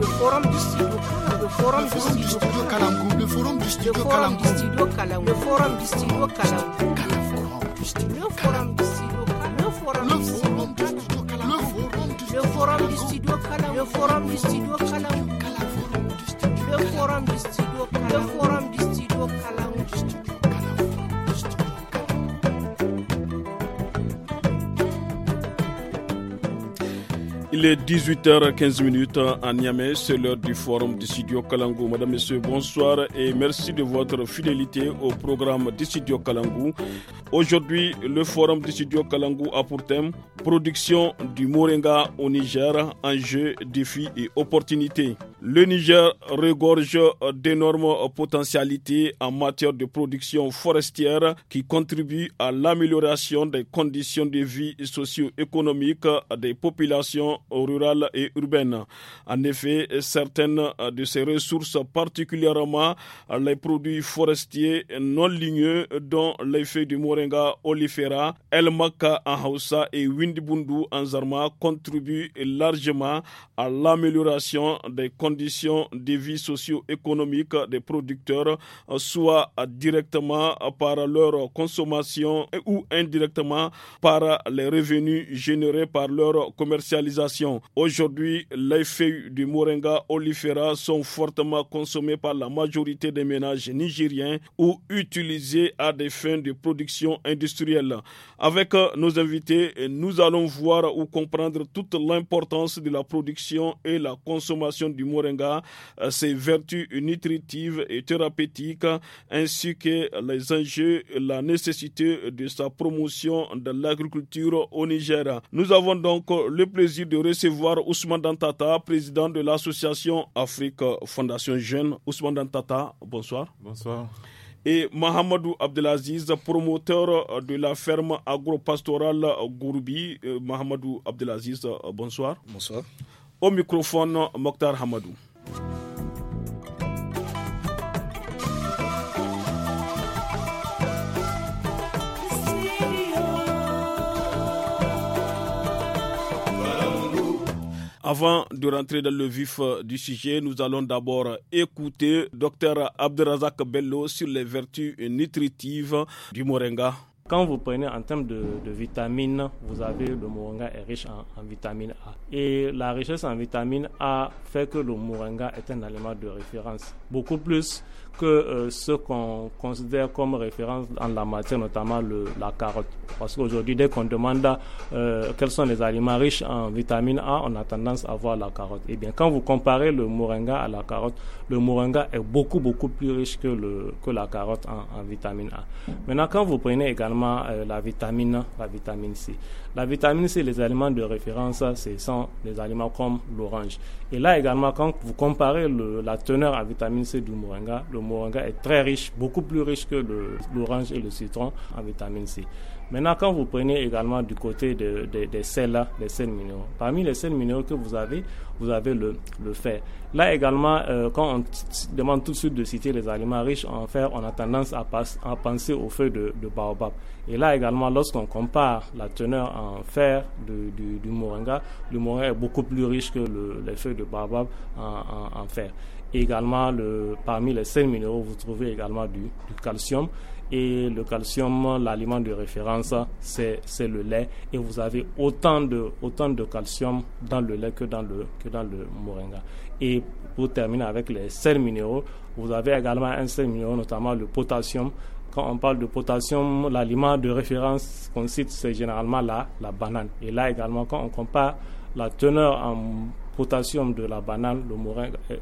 le forum du studio le forum du studio Kalamkou le forum du studio le forum du studio le forum du studio calam le forum du studio le forum du studio le forum du studio calam le forum du studio le forum du studio Il est 18h15 à Niamey, c'est l'heure du forum de Studio Kalangou. Madame, Monsieur, bonsoir et merci de votre fidélité au programme de Studio Kalangou. Aujourd'hui, le forum de Studio Kalangou a pour thème Production du Moringa au Niger, enjeux, défis et opportunités. Le Niger regorge d'énormes potentialités en matière de production forestière qui contribue à l'amélioration des conditions de vie socio-économiques des populations rurales et urbaines. En effet, certains euh, de ses ressources, particulièrement euh, les produits forestiers non ligneux, dont l'effet du moringa olifera, El Maka en Hausa et Windibundu en Zarma, contribuent largement à l'amélioration des conditions de vie socio-économique des producteurs, euh, soit directement par leur consommation ou indirectement par les revenus générés par leur commercialisation. Aujourd'hui, l'effet du moringa olifera sont fortement consommés par la majorité des ménages nigériens ou utilisés à des fins de production industrielle. Avec euh, nos invités, euh, nous allons voir ou comprendre toute l'importance de la production et la consommation du moringa, euh, ses vertus nutritives et thérapeutiques, ainsi que les enjeux, et la nécessité de sa promotion dans l'agriculture au Niger. Nous avons donc le plaisir de recevoir Ousmane Dantata, président de l'association Afrique Fondation Jeune, Ousmane Dantata, bonsoir. Bonsoir. Et Mahamadou Abdelaziz, promoteur de la ferme agropastorale Gourbi. Euh, Mahamadou Abdelaziz, bonsoir. Bonsoir. Au microphone, Mokhtar Hamadou. Avant de rentrer dans le vif euh, du sujet, nous allons d'abord écouter Dr Abderazak Bello sur les vertus nutritives du moringa. Quand vous prenez en termes de, vitamines, vous avez le moringa est riche en, vitamine A. Et la richesse en vitamine A fait que le moringa est un aliment de référence, beaucoup plus que euh, ce qu'on considère comme référence en la matière, notamment le, la carotte. Parce qu'aujourd'hui, dès qu'on demande euh, quels sont les aliments riches en vitamine A, on a tendance à voir la carotte. Et eh bien, quand vous comparez le moringa à la carotte, le moringa est beaucoup, beaucoup plus riche que, le, que la carotte en vitamine A. Maintenant, quand vous prenez également euh, la vitamine, la vitamine C. La vitamine C, les aliments de référence, ce sont des aliments comme l'orange. Et là également, quand vous comparez la teneur à vitamine C du moringa, le moringa est très riche, beaucoup plus riche que l'orange et le citron en vitamine C. Maintenant, quand vous prenez également du côté des sels-là, des sels minéraux, parmi les sels minéraux que vous avez, vous avez le, fer. Là également, euh, quand on demande tout de suite de citer les aliments riches en fer, on a tendance à, penser aux feuilles de, baobab. Et là également, lorsqu'on compare la teneur en fer du, moringa, le moringa est beaucoup plus riche que les feuilles de baobab en, fer. Et également, parmi les sels minéraux, vous trouvez également du calcium et le calcium, l'aliment de référence, c'est le lait. Et vous avez autant de, autant de calcium dans le lait que dans le, que dans le moringa. Et pour terminer avec les sels minéraux, vous avez également un sel minéraux, notamment le potassium. Quand on parle de potassium, l'aliment de référence qu'on cite, c'est généralement la, la banane. Et là également, quand on compare la teneur en potassium de la banane, le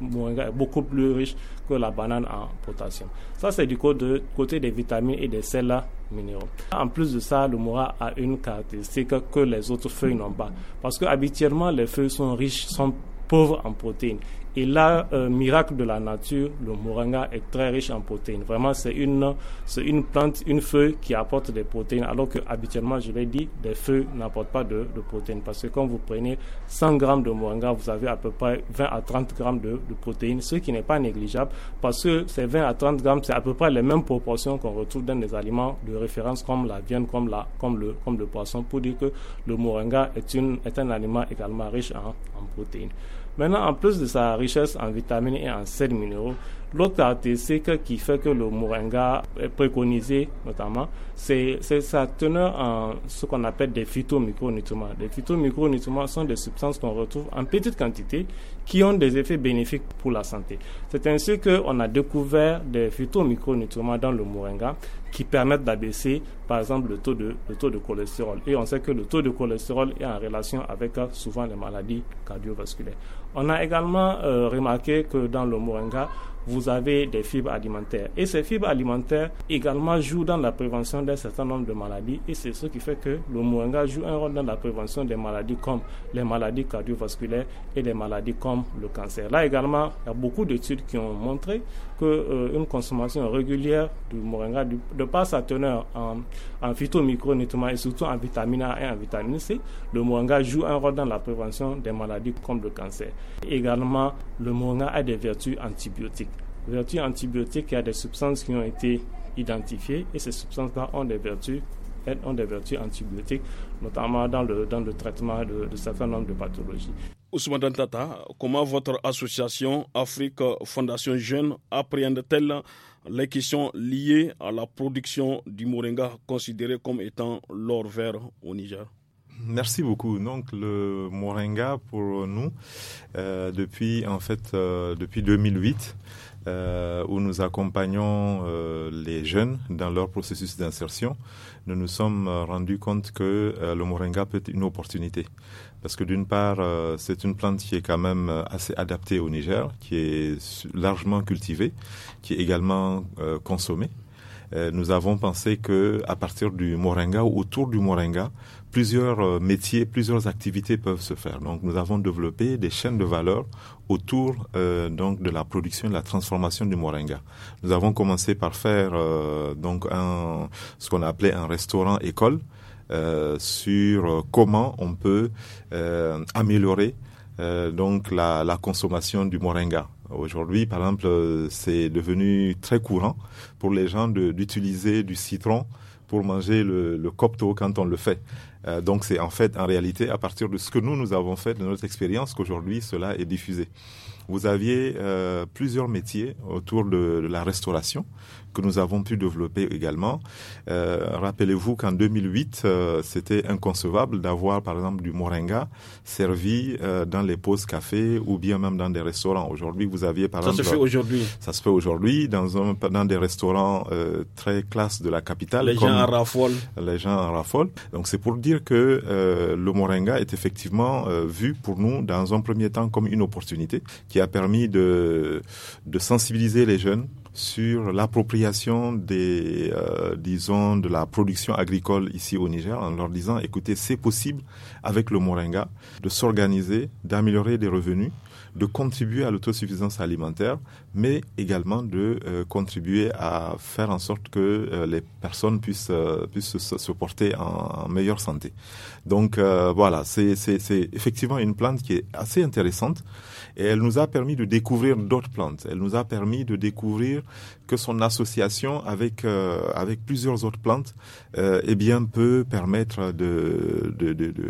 moringa, est beaucoup plus riche que la banane en potassium. Ça, c'est du côté, côté des vitamines et des sels minéraux. En plus de ça, le moringa a une caractéristique que les autres feuilles n'ont pas. Parce que habituellement, les feuilles sont riches, sont pauvres en protéines. Et là, euh, miracle de la nature, le moringa est très riche en protéines. Vraiment, c'est une, c'est une plante, une feuille qui apporte des protéines, alors que habituellement, je l'ai dit, des feuilles n'apportent pas de, de, protéines. Parce que quand vous prenez 100 grammes de moringa, vous avez à peu près 20 à 30 grammes de, de protéines, ce qui n'est pas négligeable, parce que ces 20 à 30 grammes, c'est à peu près les mêmes proportions qu'on retrouve dans des aliments de référence comme la viande, comme, la, comme, le, comme le poisson, pour dire que le moringa est, une, est un aliment également riche en, en protéines. Maintenant, en plus de sa richesse en vitamines et en sels minéraux, l'autre caractéristique qui fait que le moringa est préconisé, notamment, c'est sa teneur en ce qu'on appelle des phytomicronutriments. Les phytomicronutriments sont des substances qu'on retrouve en petite quantité qui ont des effets bénéfiques pour la santé. C'est ainsi qu'on a découvert des phytomicronutriments dans le moringa qui permettent d'abaisser, par exemple, le taux, de, taux de cholestérol. Et on sait que le taux de cholestérol est en relation avec euh, souvent les maladies cardiovasculaires. On a également euh, remarqué que dans le moringa, vous avez des fibres alimentaires. Et ces fibres alimentaires également jouent dans la prévention d'un certain nombre de maladies et c'est ce qui fait que le moringa joue un rôle dans la prévention des maladies comme les maladies cardiovasculaires et les maladies comme le cancer. Là également, il y a beaucoup d'études qui ont montré qu'une euh, consommation régulière du moringa, de par sa teneur en en phytomicronutriments et surtout en vitamine A et en vitamine C, le moringa joue un rôle dans la prévention des maladies comme le cancer. Également, le moringa a des vertus antibiotiques. Vertus antibiotiques, il y a des substances qui ont été identifiées et ces substances-là ont des vertus ont des vertus antibiotiques, notamment dans le, traitement de, de certains nombres de pathologies. Ousmane Dantata, comment votre association Afrique Fondation Jeune appréhende-t-elle les questions liées à la production du moringa considéré comme étant l'or vert au Niger Merci beaucoup. Donc le moringa pour nous euh, depuis en fait euh, depuis 2008 euh, où nous accompagnons les jeunes dans leur processus d'insertion, nous nous sommes rendus compte que le moringa peut être une opportunité. Parce que d'une part, euh, c'est une plante qui est quand même euh, assez adaptée au Niger, qui est largement cultivée, qui est également euh, consommée. nous avons pensé que à partir du moringa ou autour du moringa, plusieurs métiers, plusieurs activités peuvent se faire. Donc, nous avons développé des chaînes de valeur autour donc de la production et de la transformation du moringa. Nous avons commencé par faire donc un, ce qu'on appelait un restaurant école euh, sur euh, comment on peut euh, améliorer donc la, consommation du moringa. Aujourd'hui, par exemple, c'est devenu très courant pour les gens d'utiliser du citron pour manger le, le, copto quand on le fait. donc c'est en fait, en réalité, à partir de ce que nous, nous avons fait, de notre expérience, qu'aujourd'hui cela est diffusé. Vous aviez plusieurs métiers autour de, de la restauration, que nous avons pu développer également. Euh, Rappelez-vous qu'en 2008, euh, c'était inconcevable d'avoir, par exemple, du moringa servi euh, dans les pauses café ou bien même dans des restaurants. Aujourd'hui, vous aviez, par exemple... Ça se fait aujourd'hui. Ça se fait aujourd'hui dans, un, dans des restaurants euh, très classe de la capitale. Les gens en raffolent. Les gens en raffolent. Donc, c'est pour dire que le moringa est effectivement vu pour nous, dans un premier temps, comme une opportunité qui a permis de, de sensibiliser les jeunes sur l'appropriation des, euh, disons, de la production agricole ici au Niger en leur disant, écoutez, c'est possible avec le Moringa de s'organiser, d'améliorer des revenus, de contribuer à l'autosuffisance alimentaire, mais également de euh, contribuer à faire en sorte que euh, les personnes puissent, puissent se, porter en, en, meilleure santé. Donc voilà, c'est effectivement une plante qui est assez intéressante et elle nous a permis de découvrir d'autres plantes. Elle nous a permis de découvrir que son association avec euh, avec plusieurs autres plantes euh, eh bien peut permettre de,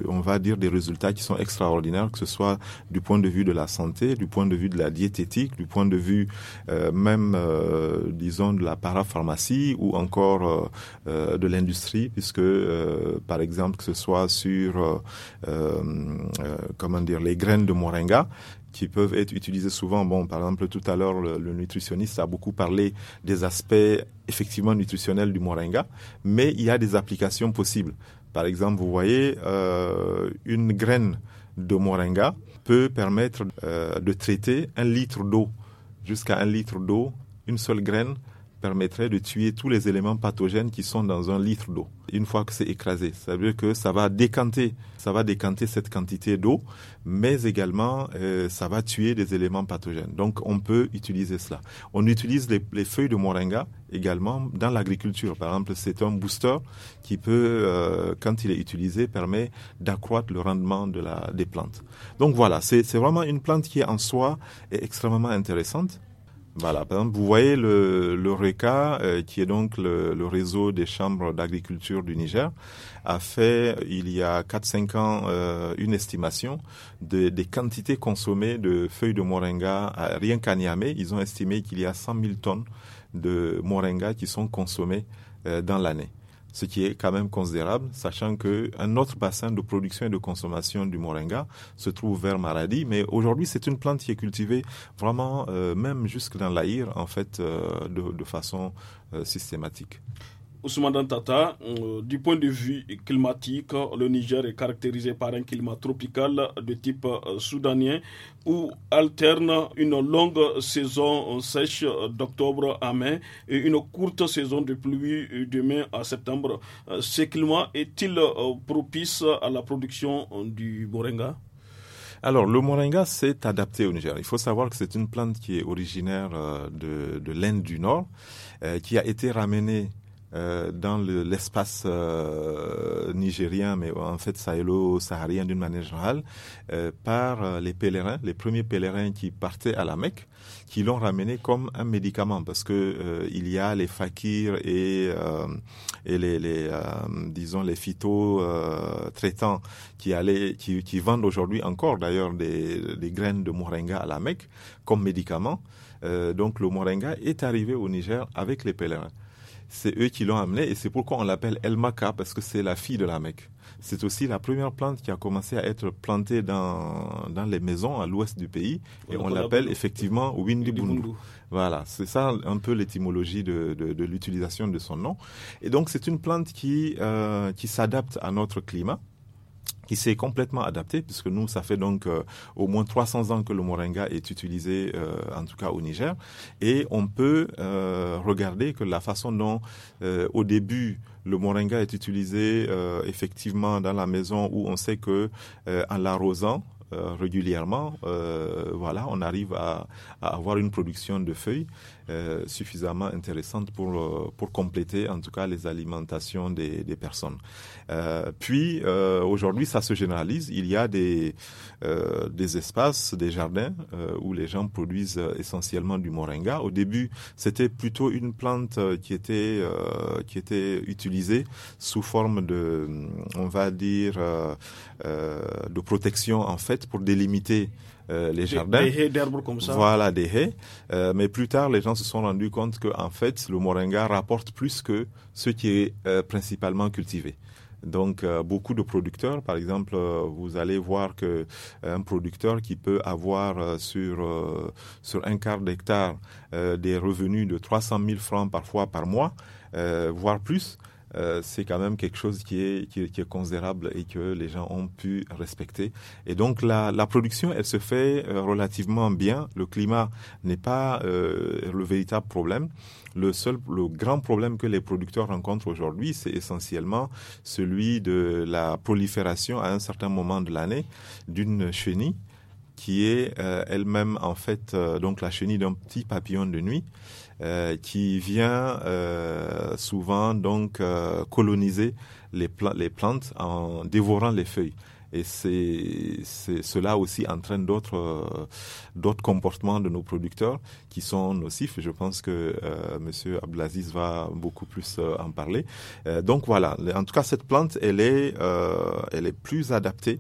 on va dire des résultats qui sont extraordinaires que ce soit du point de vue de la santé, du point de vue de la diététique, du point de vue euh, même euh, disons de la parapharmacie ou encore de l'industrie puisque par exemple que ce soit sur comment dire les graines de moringa qui peuvent être utilisés souvent. Bon, par exemple, tout à l'heure, le, nutritionniste a beaucoup parlé des aspects effectivement nutritionnels du moringa, mais il y a des applications possibles. Par exemple, vous voyez, euh, une graine de moringa peut permettre euh, de traiter un litre d'eau, jusqu'à un litre d'eau, une seule graine permettrait de tuer tous les éléments pathogènes qui sont dans un litre d'eau. Une fois que c'est écrasé, ça veut dire que ça va décanter, ça va décanter cette quantité d'eau, mais également euh, ça va tuer des éléments pathogènes. Donc on peut utiliser cela. On utilise les, les feuilles de moringa également dans l'agriculture. Par exemple, c'est un booster qui peut, euh, quand il est utilisé, permet d'accroître le rendement de la, des plantes. Donc voilà, c'est vraiment une plante qui en soi est extrêmement intéressante voilà, vous voyez le, RECA, euh, qui est donc le, réseau des chambres d'agriculture du Niger, a fait il y a 4-5 ans euh, une estimation des quantités consommées de feuilles de moringa à, rien qu'à Niamey. Ils ont estimé qu'il y a 100 mille tonnes de moringa qui sont consommées euh, dans l'année ce qui est quand même considérable, sachant que un autre bassin de production et de consommation du moringa se trouve vers Maradi. Mais aujourd'hui, c'est une plante qui est cultivée vraiment, euh, même jusque dans l'Aïr, en fait, euh, de, façon euh, systématique. Ousmane Dantata, euh, du point de vue climatique, le Niger est caractérisé par un climat tropical de type euh, soudanien où alterne une longue saison euh, sèche d'octobre à mai et une courte saison de pluie de mai à septembre. ce climat est-il propice à la production du moringa alors, le moringa s'est adapté au Niger. Il faut savoir que c'est une plante qui est originaire de, de l'Inde du Nord, qui a été ramenée euh, dans l'espace euh, nigérien, mais en fait sahélo-saharien d'une manière générale, euh, par les pèlerins, les premiers pèlerins qui partaient à la Mecque, qui l'ont ramené comme un médicament, parce que il y a les fakirs et, et les, les disons les phyto traitants qui allaient, qui, qui vendent aujourd'hui encore d'ailleurs des, des, graines de moringa à la Mecque comme médicament. donc le moringa est arrivé au Niger avec les pèlerins c'est eux qui l'ont amené et c'est pourquoi on l'appelle El Maka parce que c'est la fille de la Mecque. C'est aussi la première plante qui a commencé à être plantée dans, dans les maisons à l'ouest du pays et on l'appelle effectivement Windibundu. Voilà, c'est ça un peu l'étymologie de, de, l'utilisation de son nom. Et donc c'est une plante qui, euh, qui s'adapte à notre climat qui s'est complètement adapté, puisque nous, ça fait donc euh, au moins 300 ans que le moringa est utilisé, euh, en tout cas au Niger. Et on peut euh, regarder que la façon dont, au début, le moringa est utilisé effectivement dans la maison où on sait que en l'arrosant, régulièrement, voilà, on arrive à, à avoir une production de feuilles. Euh, suffisamment intéressante pour, euh, pour compléter en tout cas les alimentations des, des personnes. Euh, puis euh, aujourd'hui, ça se généralise. Il y a des, euh, des espaces, des jardins où les gens produisent essentiellement du moringa. Au début, c'était plutôt une plante qui était, qui était utilisée sous forme de, on va dire, de protection en fait pour délimiter euh, les jardins. Des, haies comme ça. Voilà, des haies. Euh, mais plus tard, les gens se sont rendus compte que, en fait, le moringa rapporte plus que ce qui est euh, principalement cultivé. Donc beaucoup de producteurs, par exemple, vous allez voir que un producteur qui peut avoir sur sur un quart d'hectare des revenus de 300 000 francs parfois par mois, voire plus, euh, c'est quand même quelque chose qui est, considérable et que les gens ont pu respecter. Et donc la, production, elle se fait euh, relativement bien. Le climat n'est pas euh, le véritable problème. Le seul, le grand problème que les producteurs rencontrent aujourd'hui, c'est essentiellement celui de la prolifération à un certain moment de l'année d'une chenille qui est elle-même en fait donc la chenille d'un petit papillon de nuit euh, qui vient euh, souvent donc euh, coloniser les, les plantes en dévorant les feuilles. Et c'est cela aussi entraîne d'autres euh, d'autres comportements de nos producteurs qui sont nocifs. Je pense que euh, Monsieur Ablaziz va beaucoup plus en parler. donc voilà. En tout cas, cette plante, elle est elle est plus adaptée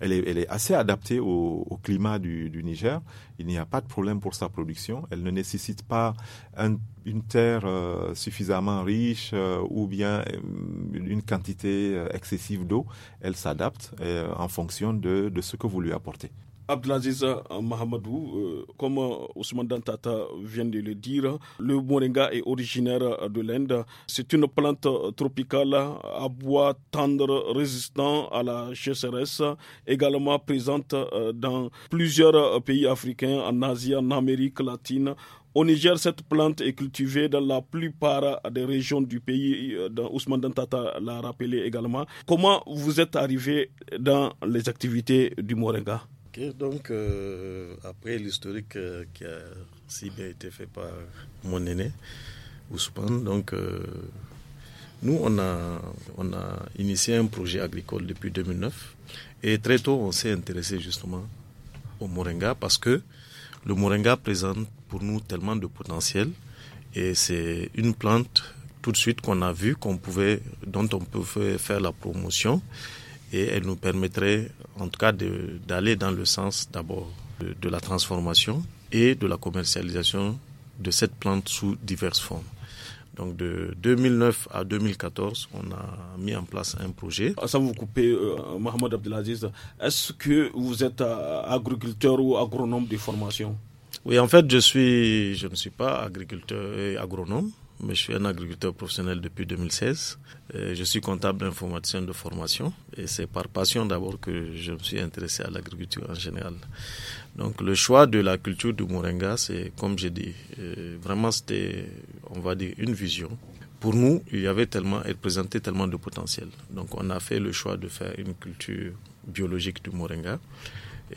elle est, elle est assez adaptée au, climat du, Niger. Il n'y a pas de problème pour sa production. Elle ne nécessite pas un, une terre euh, suffisamment riche euh, ou bien euh, une quantité excessive d'eau. Elle s'adapte en fonction de ce que vous lui apportez. Abdelaziz euh, Mahamadou, euh, comme euh, Ousmane Dantata vient de le dire, le moringa est originaire de l'Inde. C'est une plante tropicale à bois tendre, résistant à la sécheresse, également présente dans plusieurs pays africains, en Asie, en Amérique latine, au Niger, cette plante est cultivée dans la plupart des régions du pays. Ousmane Dantata l'a rappelé également. Comment vous êtes arrivé dans les activités du Moringa donc euh, après l'historique euh, qui a si bien été fait par mon aîné, Ousmane, donc euh, nous on a, on a initié un projet agricole depuis 2009 et très tôt on s'est intéressé justement au moringa parce que le moringa présente pour nous tellement de potentiel et c'est une plante tout de suite qu'on a vu qu'on pouvait, dont on pouvait faire la promotion et elle nous permettrait en tout cas d'aller dans le sens d'abord de, la transformation et de la commercialisation de cette plante sous diverses formes. Donc de 2009 à 2014, on a mis en place un projet. Ah, ça vous coupez, euh, Mohamed Abdelaziz. Est-ce que vous êtes euh, agriculteur ou agronome de formation Oui, en fait, je suis, je ne suis pas agriculteur et agronome mais je suis un agriculteur professionnel depuis 2016. Euh, je suis comptable informaticien de formation et c'est par passion d'abord que je me suis intéressé à l'agriculture en général. Donc le choix de la culture du moringa, c'est comme j'ai dit, euh, vraiment c'était, on va dire, une vision. Pour nous, il y avait tellement, elle présentait tellement de potentiel. Donc on a fait le choix de faire une culture biologique du moringa.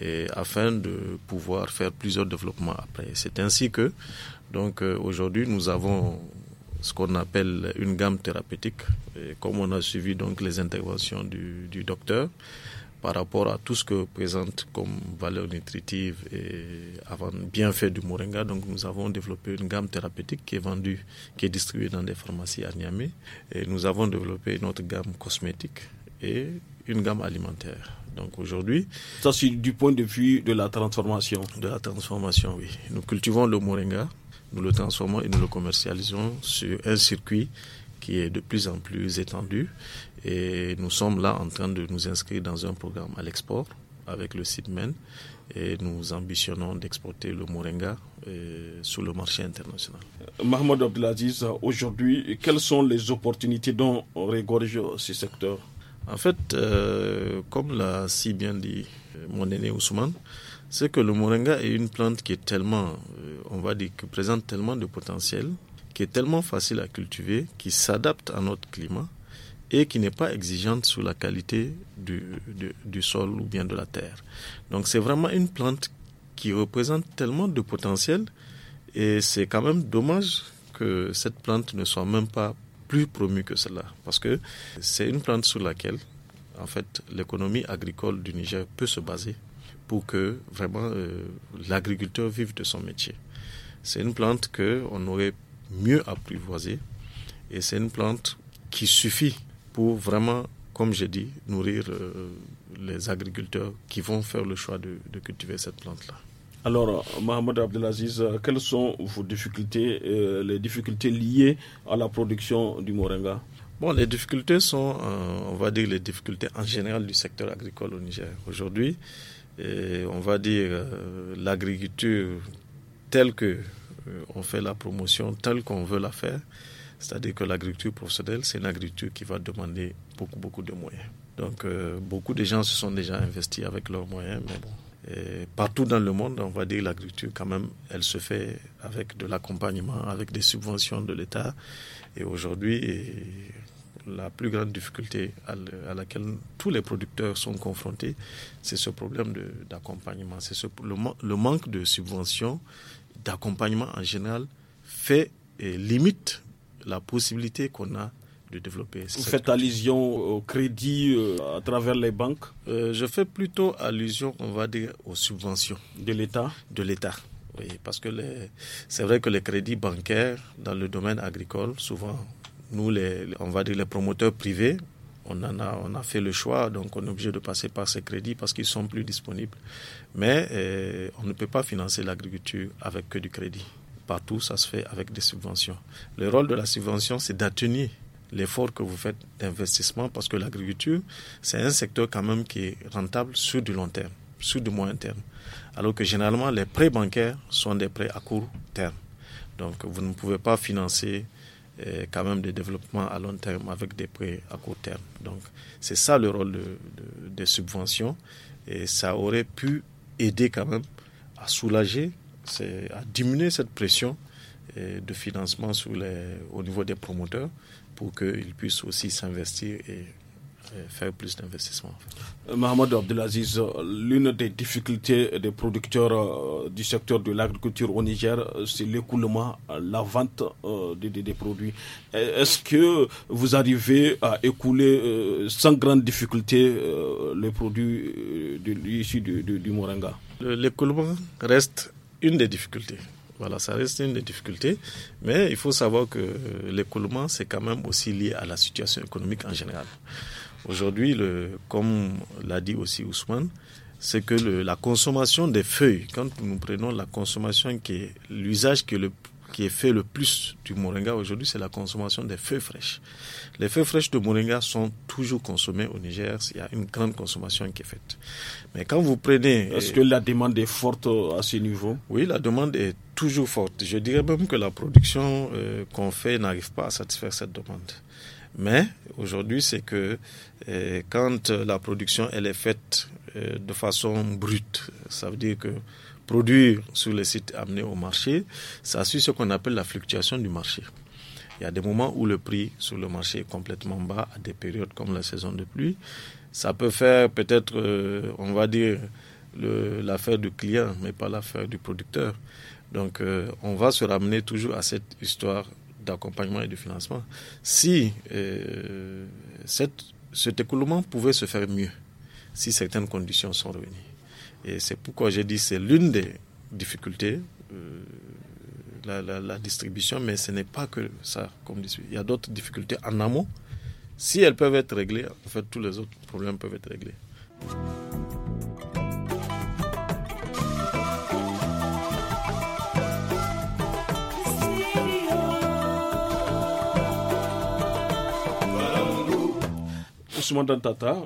Et afin de pouvoir faire plusieurs développements après. C'est ainsi que, donc, euh, aujourd'hui, nous avons ce qu'on appelle une gamme thérapeutique. Et comme on a suivi donc les interventions du, docteur par rapport à tout ce que présente comme valeur nutritive et avant bienfait du moringa, donc nous avons développé une gamme thérapeutique qui est vendue, qui est distribuée dans des pharmacies à Niamey. Et nous avons développé notre gamme cosmétique et une gamme alimentaire. Donc aujourd'hui. Ça, c'est du point de vue de la transformation. De la transformation, oui. Nous cultivons le moringa nous le transformons et nous le commercialisons sur un circuit qui est de plus en plus étendu. Et nous sommes là en train de nous inscrire dans un programme à l'export avec le SIDMEN et nous ambitionnons d'exporter le moringa euh, sur le marché international. Mahmoud Abdelaziz, aujourd'hui, quelles sont les opportunités dont regorge ce secteur En fait, euh, comme l'a si bien dit mon aîné Ousmane, c'est que le moringa est une plante qui est tellement, euh, on va dire, qui présente tellement de potentiel, qui est tellement facile à cultiver, qui s'adapte à notre climat et qui n'est pas exigeante sur la qualité du, du, du, sol ou bien de la terre. Donc c'est vraiment une plante qui représente tellement de potentiel et c'est quand même dommage que cette plante ne soit même pas plus promue que cela parce que c'est une plante sur laquelle en fait l'économie agricole du Niger peut se baser pour que vraiment euh, l'agriculteur vive de son métier. C'est une plante que aurait mieux apprivoisée et c'est une plante qui suffit pour vraiment, comme j'ai dit, nourrir euh, les agriculteurs qui vont faire le choix de, cultiver cette plante-là. Alors, Mohamed Abdelaziz, euh, quelles sont vos difficultés, les difficultés liées à la production du moringa Bon, les difficultés sont, on va dire, les difficultés en général du secteur agricole au Niger. Aujourd'hui, et on va dire, euh, l'agriculture telle que euh, on fait la promotion, telle qu'on veut la faire. C'est-à-dire que l'agriculture professionnelle, c'est une agriculture qui va demander beaucoup, beaucoup de moyens. Donc, euh, beaucoup de gens se sont déjà investis avec leurs moyens, mais bon. Et partout dans le monde, on va dire l'agriculture, quand même, elle se fait avec de l'accompagnement, avec des subventions de l'État. Et aujourd'hui, la plus grande difficulté à, laquelle tous les producteurs sont confrontés, c'est ce problème d'accompagnement. C'est ce, le, manque de subventions, d'accompagnement en général, fait et limite la possibilité qu'on a de développer. Vous faites allusion au crédit euh, à travers les banques euh, Je fais plutôt allusion, on va dire, aux subventions. De l'État De l'État. Oui, parce que c'est vrai que les crédits bancaires dans le domaine agricole, souvent nous, les, on va dire les promoteurs privés, on, a, on a fait le choix, donc on est obligé de passer par ces crédits parce qu'ils sont plus disponibles. Mais eh, on ne peut pas financer l'agriculture avec que du crédit. Partout, ça se fait avec des subventions. Le rôle de la subvention, c'est d'atténuer l'effort que vous faites d'investissement parce que l'agriculture, c'est un secteur quand même qui est rentable sur du long terme, sur du moyen terme. Alors que généralement, les prêts bancaires sont des prêts à court terme. Donc, vous ne pouvez pas financer quand même des développements à long terme avec des prêts à court terme. Donc c'est ça le rôle des subventions et ça aurait pu aider quand même à soulager, à diminuer cette pression de financement sur les, au niveau des promoteurs pour qu'ils puissent aussi s'investir et euh, faire plus d'investissements. Euh, Mohamed Abdelaziz, euh, l'une des difficultés des producteurs du secteur de l'agriculture au Niger, c'est l'écoulement, la vente des, produits. Est-ce que vous arrivez à écouler sans grande difficulté les produits issus du, du Moringa L'écoulement reste une des difficultés. Voilà, ça reste une des difficultés. Mais il faut savoir que l'écoulement, c'est quand même aussi lié à la situation économique en général. Aujourd'hui, comme l'a dit aussi Ousmane, c'est que le, la consommation des feuilles, quand nous prenons la consommation qui est l'usage qui, qui est fait le plus du moringa aujourd'hui, c'est la consommation des feuilles fraîches. Les feuilles fraîches de moringa sont toujours consommées au Niger. Il y a une grande consommation qui est faite. Mais quand vous prenez... Est-ce que la demande est forte euh, à ce niveau Oui, la demande est toujours forte. Je dirais même que la production euh, qu'on fait n'arrive pas à satisfaire cette demande. Mais aujourd'hui, c'est que eh, quand la production elle est faite eh, de façon brute, ça veut dire que produire sur les sites amenés au marché, ça suit ce qu'on appelle la fluctuation du marché. Il y a des moments où le prix sur le marché est complètement bas, à des périodes comme la saison de pluie. Ça peut faire peut-être, euh, on va dire, l'affaire du client, mais pas l'affaire du producteur. Donc euh, on va se ramener toujours à cette histoire d'accompagnement et de financement. Si euh, cette, cet écoulement pouvait se faire mieux, si certaines conditions sont réunies. Et c'est pourquoi j'ai dit c'est l'une des difficultés, euh, la, distribution, mais ce n'est pas que ça comme Il y a d'autres difficultés en amont. Si elles peuvent être réglées, en fait, tous les autres problèmes peuvent être réglés. Ousmane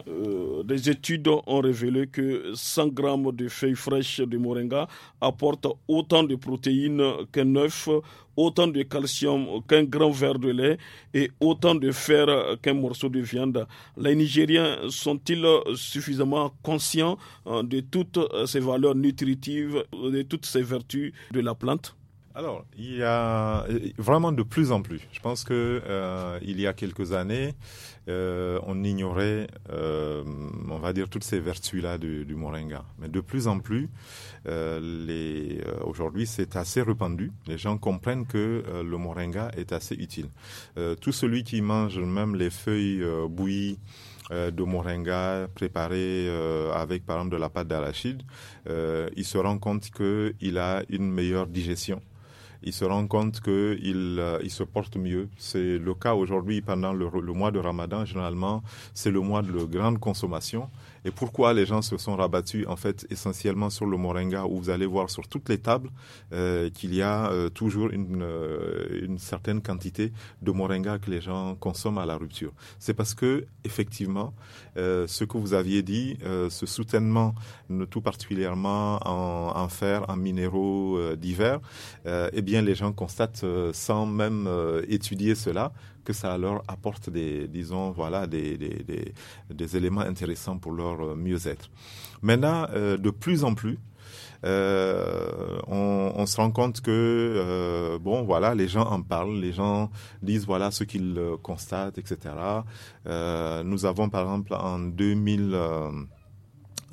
euh, des études ont révélé que 100 grammes de feuilles fraîches de moringa apportent autant de protéines qu'un œuf, autant de calcium qu'un grand verre de lait et autant de fer qu'un morceau de viande. Les Nigériens sont-ils suffisamment conscients euh, de toutes ces valeurs nutritives, de toutes ces vertus de la plante alors, il y a euh, vraiment de plus en plus. Je pense que euh, il y a quelques années, euh, on ignorait, on va dire, toutes ces vertus-là du, du, moringa. Mais de plus en plus, les aujourd'hui, c'est assez répandu. Les gens comprennent que le moringa est assez utile. tout celui qui mange même les feuilles bouillies de moringa préparées avec par exemple de la pâte d'arachide, il se rend compte qu'il a une meilleure digestion il se rend compte qu'il euh, se porte mieux. C'est le cas aujourd'hui pendant le, mois de Ramadan. Généralement, c'est le mois de grande consommation. Et pourquoi les gens se sont rabattus en fait essentiellement sur le moringa où vous allez voir sur toutes les tables euh, qu'il y a euh, toujours euh, une, certaine quantité de moringa que les gens consomment à la rupture. C'est parce que effectivement ce que vous aviez dit, ce soutènement tout particulièrement en, en fer, en minéraux divers, eh bien les gens constatent sans même étudier cela que ça leur apporte des, disons, voilà, des, des, des, des éléments intéressants pour leur euh, mieux-être. Maintenant, euh, de plus en plus, euh, on, on, se rend compte que euh, bon voilà les gens en parlent les gens disent voilà ce qu'ils euh, constatent etc nous avons par exemple en 2000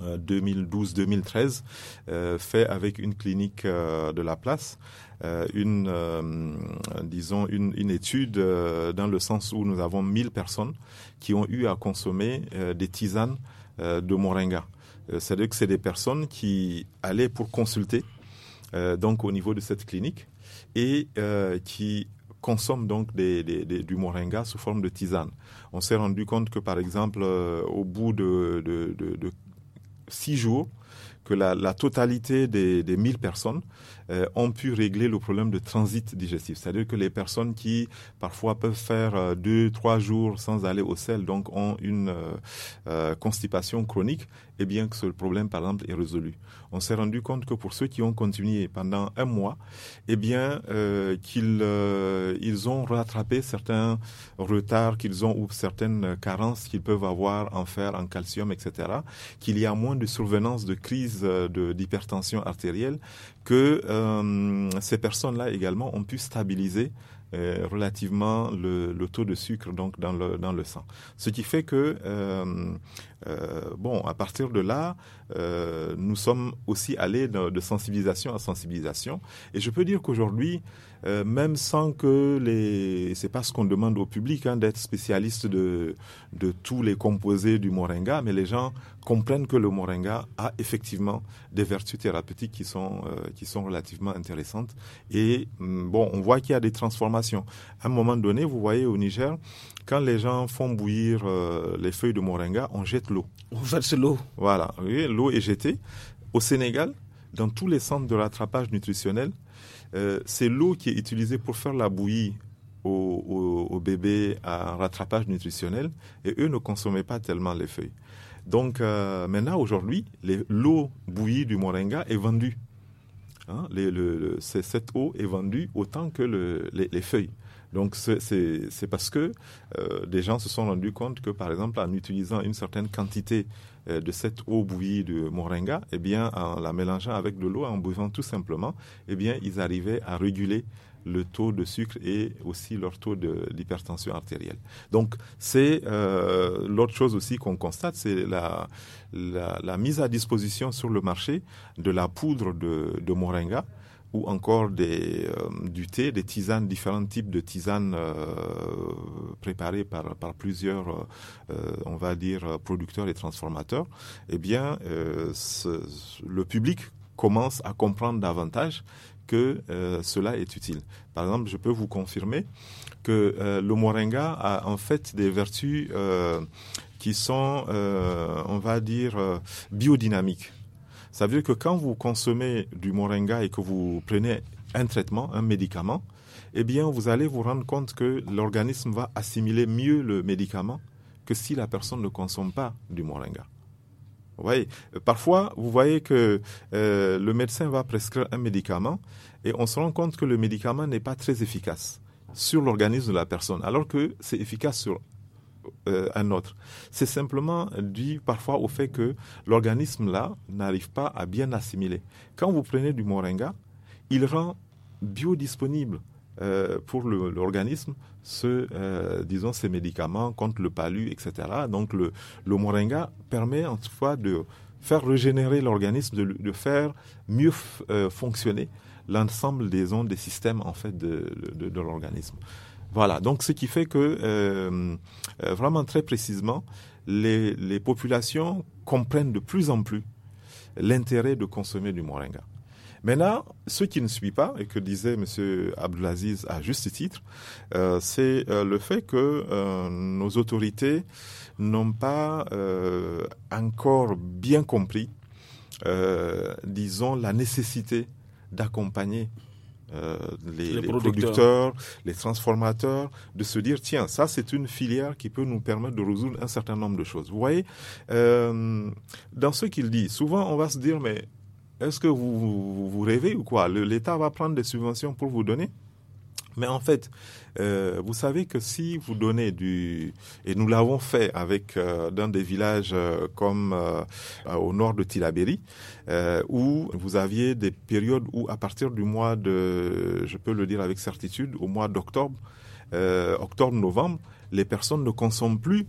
2012-2013, euh, fait avec une clinique euh, de la place. Euh, une disons une, étude dans le sens où nous avons 1000 personnes qui ont eu à consommer des tisanes de moringa. C'est-à-dire que c'est des personnes qui allaient pour consulter donc au niveau de cette clinique et qui consomment donc des, du moringa sous forme de tisane. On s'est rendu compte que par exemple au bout de, de, six jours que la, la totalité des, des 1000 personnes euh, ont pu régler le problème de transit digestif. C'est-à-dire que les personnes qui parfois peuvent faire euh, deux, trois jours sans aller au sel, donc ont une euh, constipation chronique, et eh bien que ce problème, par exemple, est résolu. On s'est rendu compte que pour ceux qui ont continué pendant un mois, et eh bien qu'ils ils ont rattrapé certains retards qu'ils ont ou certaines carences qu'ils peuvent avoir en fer, en calcium, etc. Qu'il y a moins de survenance de crise d'hypertension artérielle que euh, ces personnes-là également ont pu stabiliser euh, relativement le, taux de sucre donc dans le, dans le sang. Ce qui fait que euh, euh bon, à partir de là, euh, nous sommes aussi allés de, sensibilisation à sensibilisation. Et je peux dire qu'aujourd'hui, euh, même sans que les, c'est pas ce qu'on demande au public hein, d'être spécialiste de tous les composés du moringa, mais les gens comprennent que le moringa a effectivement des vertus thérapeutiques qui sont euh, relativement intéressantes. Et mm, bon, on voit qu'il y a des transformations. À un moment donné, vous voyez au Niger, quand les gens font bouillir les feuilles de moringa, on jette l'eau l'eau. Voilà, l'eau est jetée. Au Sénégal, dans tous les centres de rattrapage nutritionnel, euh, c'est l'eau qui est utilisée pour faire la bouillie aux, bébés à rattrapage nutritionnel et eux ne consommaient pas tellement les feuilles. Donc euh, maintenant, aujourd'hui, l'eau bouillie du moringa est vendue. Hein, cette eau est vendue autant que les feuilles. Donc c'est parce que des euh, gens se sont rendus compte que, par exemple, en utilisant une certaine quantité euh, de cette eau bouillie de moringa, eh bien, en la mélangeant avec de l'eau, en buvant tout simplement, eh bien, ils arrivaient à réguler le taux de sucre et aussi leur taux d'hypertension artérielle. Donc, c'est euh, l'autre chose aussi qu'on constate, c'est la, mise à disposition sur le marché de la poudre de, de moringa ou encore euh, du thé, des tisanes, différents types de tisanes euh, préparées par, plusieurs, euh, on va dire, producteurs et transformateurs, eh bien, le public commence à comprendre davantage que cela est utile. Par exemple, je peux vous confirmer que le moringa a en fait des vertus qui sont, on va dire, biodynamiques. Ça veut dire que quand vous consommez du moringa et que vous prenez un traitement, un médicament, eh bien, vous allez vous rendre compte que l'organisme va assimiler mieux le médicament que si la personne ne consomme pas du moringa. Vous voyez, parfois, vous voyez que euh, le médecin va prescrire un médicament et on se rend compte que le médicament n'est pas très efficace sur l'organisme de la personne, alors que c'est efficace sur euh, un autre. C'est simplement dû parfois au fait que l'organisme-là n'arrive pas à bien assimiler. Quand vous prenez du moringa, il rend biodisponible euh, pour l'organisme ce, euh, disons, ces médicaments contre le palu, etc. Donc le, moringa permet en tout cas de faire régénérer l'organisme, de, faire mieux fonctionner l'ensemble des ondes, des systèmes en fait de l'organisme. Voilà, donc ce qui fait que, euh, euh, vraiment très précisément, les, populations comprennent de plus en plus l'intérêt de consommer du moringa. Mais là, ce qui ne suit pas, et que disait M. Abdelaziz à juste titre, euh, c'est le fait que nos autorités n'ont pas encore bien compris, disons, la nécessité d'accompagner euh, les, producteurs. les, transformateurs, de se dire tiens, ça c'est une filière qui peut nous permettre de résoudre un certain nombre de choses. Vous voyez, euh, dans ce qu'il dit, souvent on va se dire mais est-ce que vous, vous rêvez ou quoi L'État va prendre des subventions pour vous donner mais en fait, euh, vous savez que si vous donnez du... Et nous l'avons fait avec euh, dans des villages euh, comme au nord de Tilaberi, où vous aviez des périodes où à partir du mois de, je peux le dire avec certitude, au mois d'octobre, octobre-novembre, les personnes ne consomment plus,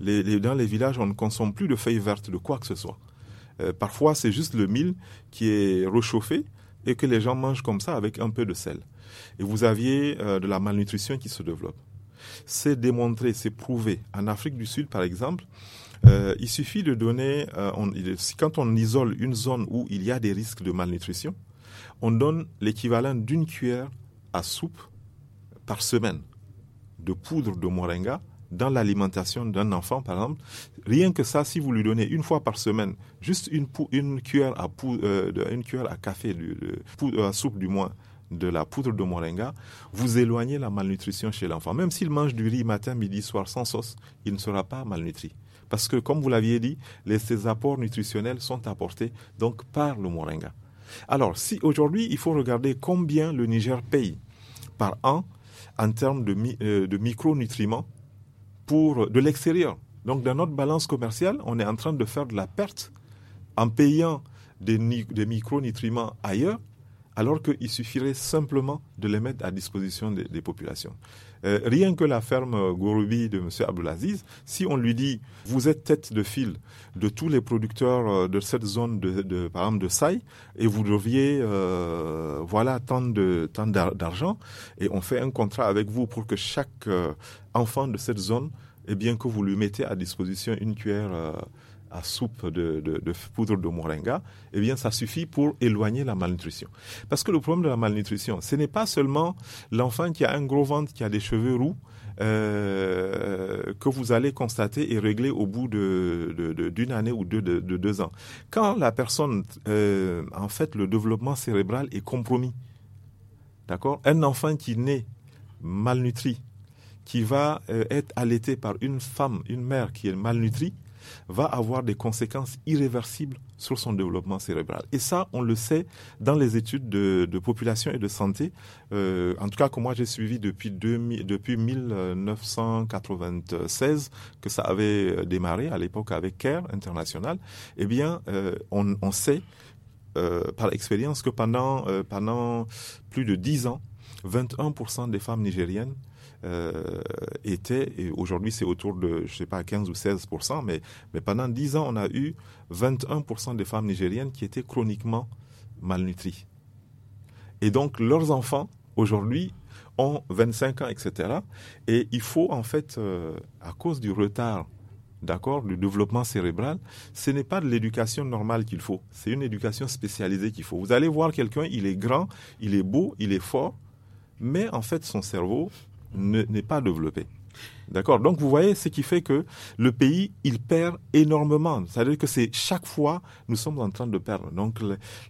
dans les villages, on ne consomme plus de feuilles vertes, de quoi que ce soit. parfois, c'est juste le mil qui est réchauffé et que les gens mangent comme ça avec un peu de sel. Et vous aviez euh, de la malnutrition qui se développe. C'est démontré, c'est prouvé. En Afrique du Sud, par exemple, euh, il suffit de donner, euh, quand on isole une zone où il y a des risques de malnutrition, on donne l'équivalent d'une cuillère à soupe par semaine de poudre de moringa dans l'alimentation d'un enfant, par exemple. Rien que ça, si vous lui donnez une fois par semaine, juste une, cuillère, à une cuillère à café, à soupe du moins, de la poudre de moringa, vous éloignez la malnutrition chez l'enfant. Même s'il mange du riz matin, midi, soir sans sauce, il ne sera pas malnutri. Parce que, comme vous l'aviez dit, les, ces apports nutritionnels sont apportés donc par le moringa. Alors, si aujourd'hui, il faut regarder combien le Niger paye par an en termes de, euh, micronutriments pour, de l'extérieur. Donc, dans notre balance commerciale, on est en train de faire de la perte en payant des, des micronutriments ailleurs alors qu'il suffirait simplement de les mettre à disposition des, populations. Euh, rien que la ferme Gouroubi de M. Abdelaziz, si on lui dit vous êtes tête de file de tous les producteurs euh, de cette zone de, de par exemple de Saï et vous devriez euh, voilà tant d'argent et on fait un contrat avec vous pour que chaque enfant de cette zone eh bien que vous lui mettez à disposition une cuillère à soupe de, poudre de moringa, eh bien, ça suffit pour éloigner la malnutrition. Parce que le problème de la malnutrition, ce n'est pas seulement l'enfant qui a un gros ventre, qui a des cheveux roux, euh, que vous allez constater et régler au bout de, d'une année ou deux, de, deux ans. Quand la personne, euh, en fait, le développement cérébral est compromis, d'accord Un enfant qui naît malnutri, qui va euh, être allaité par une femme, une mère qui est malnutrie, va avoir des conséquences irréversibles sur son développement cérébral. Et ça, on le sait dans les études de, population et de santé, euh, en tout cas que moi j'ai suivi depuis, depuis 1996, que ça avait euh, démarré à l'époque avec CARE International, eh bien, euh, on, sait par expérience que pendant, pendant plus de 10 ans, 21% des femmes nigériennes euh, était, et aujourd'hui c'est autour de, je sais pas, 15 ou 16 mais, mais pendant 10 ans, on a eu 21 des femmes nigériennes qui étaient chroniquement malnutries. Et donc leurs enfants, aujourd'hui, ont 25 ans, etc. Et il faut en fait, euh, à cause du retard d'accord, du développement cérébral, ce n'est pas de l'éducation normale qu'il faut, c'est une éducation spécialisée qu'il faut. Vous allez voir quelqu'un, il est grand, il est beau, il est fort, mais en fait son cerveau, n'est pas développé. D'accord Donc vous voyez ce qui fait que le pays, il perd énormément. C'est-à-dire que c'est chaque fois, nous sommes en train de perdre. Donc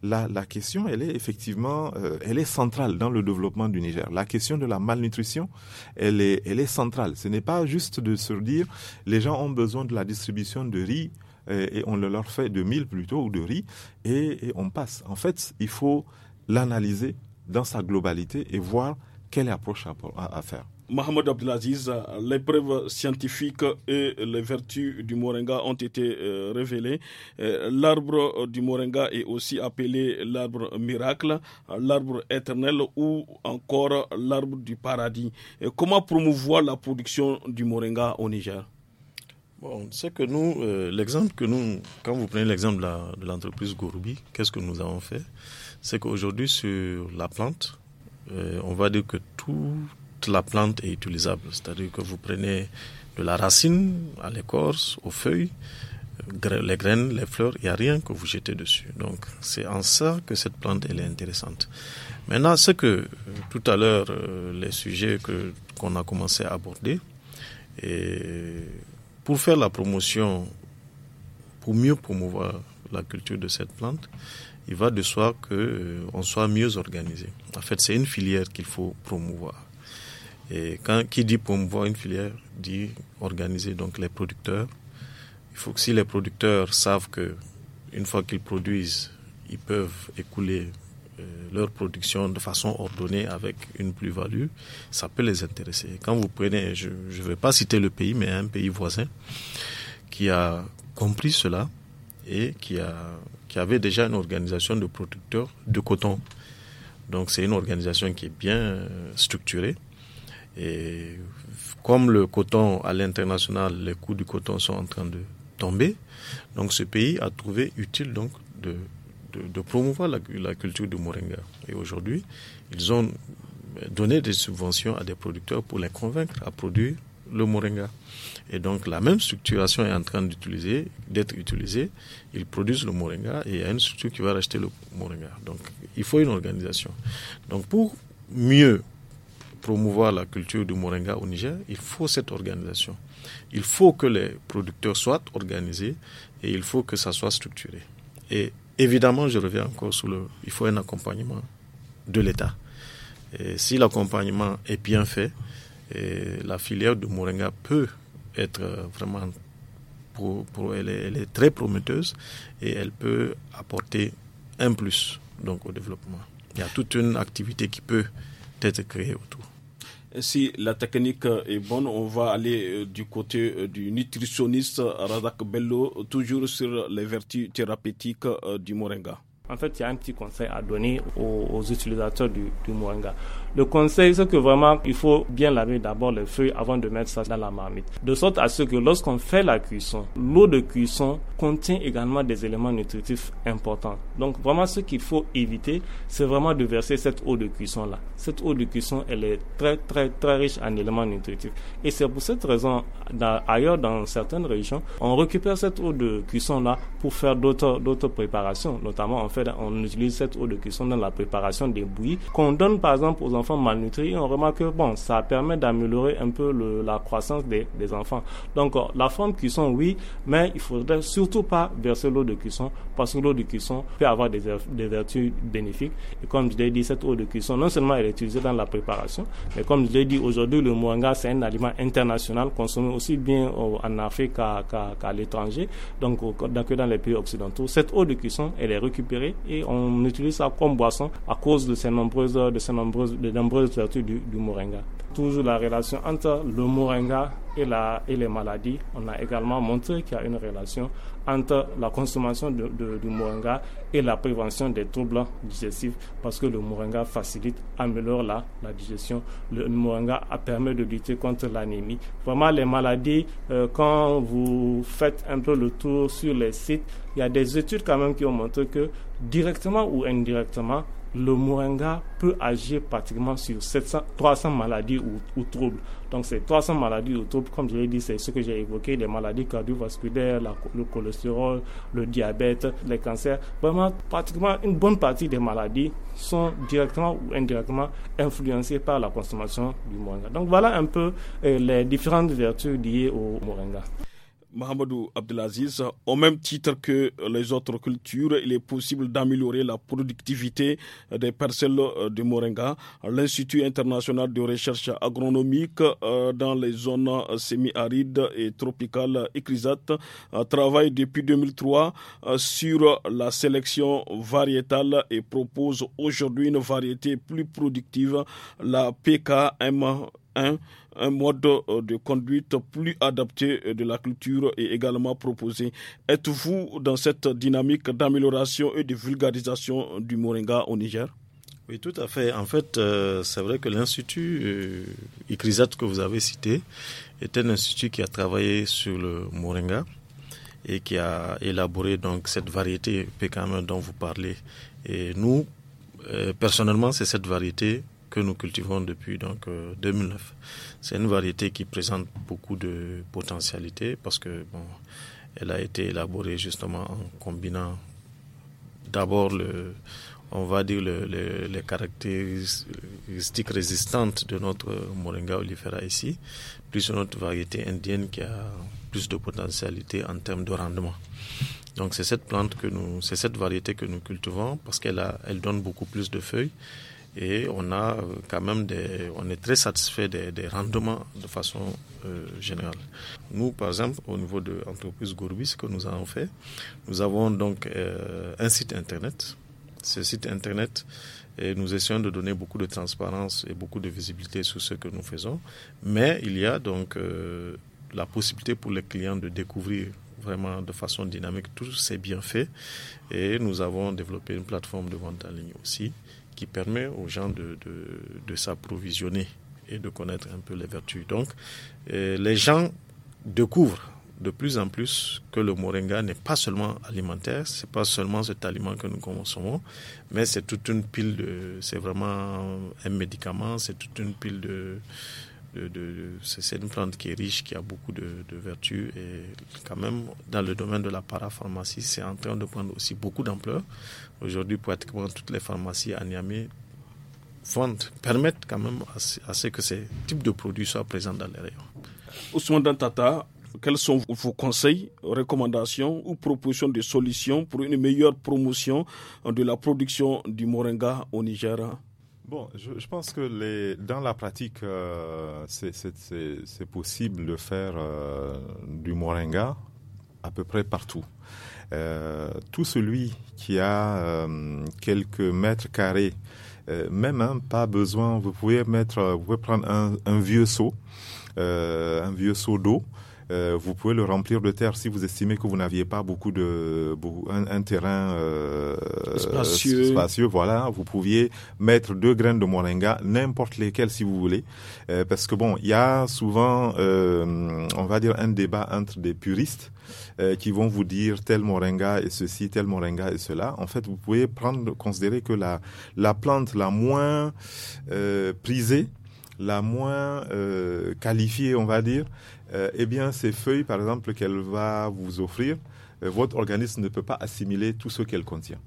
la, question, elle est effectivement, euh, elle est centrale dans le développement du Niger. La question de la malnutrition, elle est, elle est centrale. Ce n'est pas juste de se dire, les gens ont besoin de la distribution de riz euh, et, on le leur fait de mille plutôt ou de riz et on passe. En fait, il faut l'analyser dans sa globalité et voir quelle approche à, à, faire Mohamed Abdelaziz, les preuves scientifiques et les vertus du moringa ont été euh, révélées. Euh, l'arbre du moringa est aussi appelé l'arbre miracle, l'arbre éternel ou encore l'arbre du paradis. Euh, comment promouvoir la production du moringa au Niger Bon, c'est que nous, l'exemple que nous, quand vous prenez l'exemple de l'entreprise Gouroubi, qu'est-ce que nous avons fait C'est qu'aujourd'hui, sur la plante, euh, on va dire que toute la plante est utilisable. C'est-à-dire que vous prenez de la racine à l'écorce, aux feuilles, euh, les graines, les fleurs, il n'y a rien que vous jetez dessus. Donc c'est en ça que cette plante elle est intéressante. Maintenant, ce que euh, tout à l'heure, les sujets qu'on a commencé à aborder, et pour faire la promotion, pour mieux promouvoir la culture de cette plante, il va de soi qu'on euh, soit mieux organisé. En fait, c'est une filière qu'il faut promouvoir. Et quand qui dit promouvoir une filière dit organiser donc les producteurs. Il faut que si les producteurs savent que une fois qu'ils produisent, ils peuvent écouler euh, leur production de façon ordonnée avec une plus-value, ça peut les intéresser. Quand vous prenez, je ne vais pas citer le pays, mais un pays voisin qui a compris cela, et qui, a, qui avait déjà une organisation de producteurs de coton. Donc c'est une organisation qui est bien euh, structurée. Et comme le coton à l'international, les coûts du coton sont en train de tomber, donc ce pays a trouvé utile donc de, de, promouvoir la, la, culture du moringa. Et aujourd'hui, ils ont euh, donné des subventions à des producteurs pour les convaincre à produire le moringa. Et donc la même structuration est en train d'utiliser, d'être utilisée. Ils produisent le moringa et il y a une structure qui va racheter le moringa. Donc il faut une organisation. Donc pour mieux promouvoir la culture du moringa au Niger, il faut cette organisation. Il faut que les producteurs soient organisés et il faut que ça soit structuré. Et évidemment, je reviens encore sur le... Il faut un accompagnement de l'État. Et si l'accompagnement est bien fait, la filière du Moringa peut être euh, vraiment, pour, elle, est, très prometteuse et elle peut apporter un plus donc au développement. Il y a toute une activité qui peut être créée autour. Si la technique est bonne, on va aller euh, du côté euh, du nutritionniste Razak Bello, toujours sur les vertus thérapeutiques du moringa. En fait, il y a un petit conseil à donner aux, utilisateurs du, du moringa. Le conseil, c'est que vraiment, il faut bien laver d'abord les feuilles avant de mettre ça dans la marmite. De sorte à ce que lorsqu'on fait la cuisson, l'eau de cuisson contient également des éléments nutritifs importants. Donc vraiment, ce qu'il faut éviter, c'est vraiment de verser cette eau de cuisson-là. Cette eau de cuisson, elle est très, très, très riche en éléments nutritifs. Et c'est pour cette raison, ailleurs dans certaines régions, on récupère cette eau de cuisson-là pour faire d'autres, d'autres préparations. Notamment, en fait, on utilise cette eau de cuisson dans la préparation des bouillies qu'on donne par exemple aux enfants enfants malnutris, on remarque que bon, ça permet d'améliorer un peu la croissance des, enfants. Donc euh, la forme cuisson, oui, mais il faudrait surtout pas verser l'eau de cuisson parce que l'eau de cuisson peut avoir des, des vertus bénéfiques. Et comme je l'ai dit, cette eau de cuisson, non seulement elle est utilisée dans la préparation, mais comme je l'ai dit aujourd'hui, le moanga, c'est un aliment international consommé aussi bien en Afrique qu'à l'étranger, donc que dans les pays occidentaux. Cette eau de cuisson, elle est récupérée et on utilise ça comme boisson à cause de ses nombreuses, de ses nombreuses, de nombreuses vertus du, moringa. Toujours la relation entre le moringa et, la, et les maladies. On a également montré qu'il y a une relation entre la consommation de, du moringa et la prévention des troubles digestifs parce que le moringa facilite, améliore la, digestion. Le, moringa permet de lutter contre l'anémie. Vraiment, les maladies, euh, quand vous faites un peu le tour sur les sites, il y a des études quand même qui ont montré que directement ou indirectement, le moringa peut agir pratiquement sur 700, 300 maladies ou, ou troubles. Donc ces 300 maladies ou troubles, comme je l'ai dit, c'est ce que j'ai évoqué, les maladies cardiovasculaires, le cholestérol, le diabète, les cancers. Vraiment, pratiquement une bonne partie des maladies sont directement ou indirectement influencées par la consommation du moringa. Donc voilà un peu euh, les différentes vertus liées au moringa. Mohamedou Abdelaziz, au même titre que les autres cultures, il est possible d'améliorer la productivité des parcelles de Moringa. L'Institut international de recherche agronomique euh, dans les zones semi-arides et tropicales écrisates euh, travaille depuis 2003 euh, sur la sélection variétale et propose aujourd'hui une variété plus productive, la PKM1 un mode euh, de conduite plus adapté euh, de la culture est également proposé. Êtes-vous dans cette dynamique d'amélioration et de vulgarisation euh, du Moringa au Niger oui, tout à fait. En fait, c'est vrai que l'Institut ICRISAT que vous avez cité est un institut qui a travaillé sur le Moringa et qui a élaboré donc cette variété Pecan dont vous parlez. Et nous, personnellement, c'est cette variété nous cultivons depuis donc 2009. Euh, c'est une variété qui présente beaucoup de potentialités parce que bon, elle a été élaborée justement en combinant d'abord le on va dire les caractéristiques résistantes de notre Moringa olifera ici, plus une autre variété indienne qui a plus de potentialité en termes de rendement. Donc c'est cette plante que nous, c'est cette variété que nous cultivons parce qu'elle a, elle donne beaucoup plus de feuilles et on a euh, quand même des, on est très satisfait des, rendements de façon euh, générale. Nous, par exemple, au niveau de l'entreprise Gourbi, ce que nous avons fait, nous avons donc euh, un site internet. Ce site internet, et nous essayons de donner beaucoup de transparence et beaucoup de visibilité sur ce que nous faisons, mais il y a donc la possibilité pour les clients de découvrir vraiment de façon dynamique tous bien fait. Et nous avons développé une plateforme de vente en ligne aussi qui permet aux gens de, s'approvisionner et de connaître un peu les vertus. Donc, euh, les gens découvrent de plus en plus que le moringa n'est pas seulement alimentaire, c'est pas seulement cet aliment que nous consommons, mais c'est toute une pile de, c'est vraiment un médicament, c'est toute une pile de, c'est une plante qui est riche, qui a beaucoup de, vertus et quand même dans le domaine de la parapharmacie, c'est en train de prendre aussi beaucoup d'ampleur. Aujourd'hui, pratiquement toutes les pharmacies à Niamey vendent, permettent quand même à, ce que ces types de produits soient présents dans les rayons. Ousmane Dantata, quels sont vos conseils, recommandations ou propositions de solutions pour une meilleure promotion de la production du moringa au Niger Bon, je, pense que dans la pratique, euh, c'est possible de faire euh, du moringa à peu près partout. Euh, tout celui qui a quelques mètres carrés, même hein, pas besoin, vous pouvez mettre, vous prendre un, un vieux seau, un vieux seau d'eau. Euh, vous pouvez le remplir de terre si vous estimez que vous n'aviez pas beaucoup de un, terrain euh, spacieux. Voilà, vous pouviez mettre deux graines de moringa, n'importe lesquelles si vous voulez, euh, parce que bon, il y a souvent, euh, on va dire, un débat entre des puristes qui vont vous dire tel moringa et ceci, tel moringa et cela. En fait, vous pouvez prendre considérer que la la plante la moins prisée la moins euh, qualifiée, on va dire, euh, eh bien, ces feuilles, par exemple, qu'elle va vous offrir, euh, votre organisme ne peut pas assimiler tout ce qu'elle contient.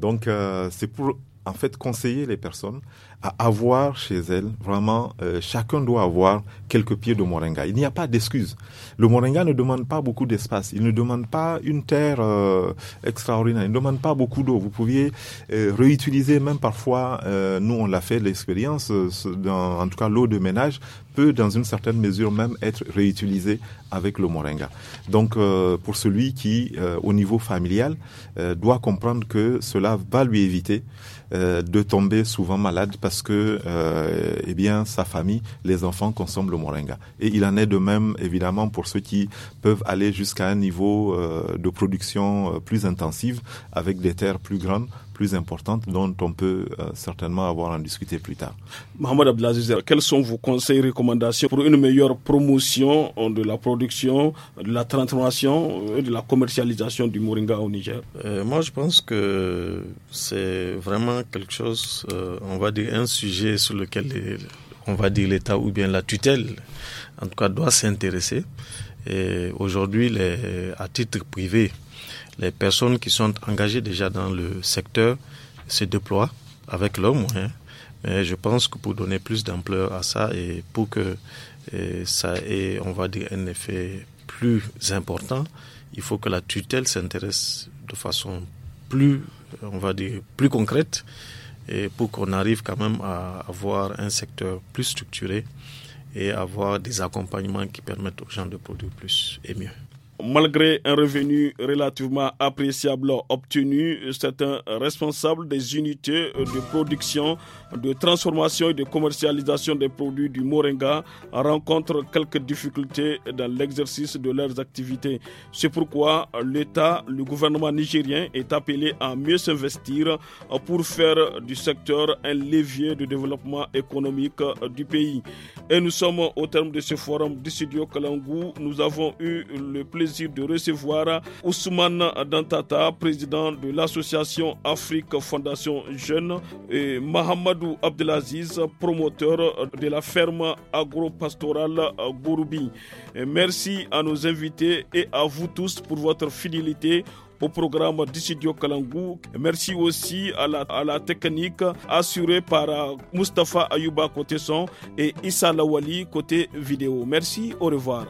Donc, c'est pour en fait conseiller les personnes à avoir chez elles vraiment euh, chacun doit avoir quelques pieds de moringa. Il n'y a pas d'excuse. Le moringa ne demande pas beaucoup d'espace, il ne demande pas une terre euh, extraordinaire, il ne demande pas beaucoup d'eau. Vous pouviez euh, réutiliser même parfois nous on l'a fait l'expérience en tout cas l'eau de ménage peut dans une certaine mesure même être réutilisée avec le moringa. Donc pour celui qui au niveau familial doit comprendre que cela va lui éviter euh, de tomber souvent malade parce que euh, eh bien sa famille, les enfants consomment le moringa. Et il en est de même évidemment pour ceux qui peuvent aller jusqu'à un niveau euh, de production plus intensive avec des terres plus grandes plus importante, dont on peut euh, certainement avoir à en discuter plus tard. Mohamed Abdelaziz, quels sont vos conseils, et recommandations pour une meilleure promotion euh, de la production, de la transformation euh, et de la commercialisation du moringa au Niger Moi, je pense que c'est vraiment quelque chose, on va dire, un sujet sur lequel on va dire l'État ou bien la tutelle, en tout cas, doit s'intéresser. Et aujourd'hui, à titre privé, les personnes qui sont engagées déjà dans le secteur se déploient avec l'homme. moyens. Mais je pense que pour donner plus d'ampleur à ça et pour que ça ait, on va dire, un effet plus important, il faut que la tutelle s'intéresse de façon plus, on va dire, plus concrète et pour qu'on arrive quand même à avoir un secteur plus structuré et avoir des accompagnements qui permettent aux gens de produire plus et mieux. Malgré un revenu relativement appréciable obtenu, certains responsables des unités de production, de transformation et de commercialisation des produits du Moringa rencontrent quelques difficultés dans l'exercice de leurs activités. C'est pourquoi l'État, le gouvernement nigérien est appelé à mieux s'investir pour faire du secteur un levier de développement économique du pays. Et nous sommes au terme de ce forum du studio Kalangou. Nous avons eu le plaisir de recevoir Ousmane Dantata, président de l'association Afrique Fondation Jeune, et Mahamadou Abdelaziz, promoteur de la ferme agro-pastorale Gouroubi. Merci à nos invités et à vous tous pour votre fidélité au programme Dissidio Kalangou. Merci aussi à la, à la technique assurée par Mustapha Ayouba côté son et Issa Lawali côté vidéo. Merci, au revoir.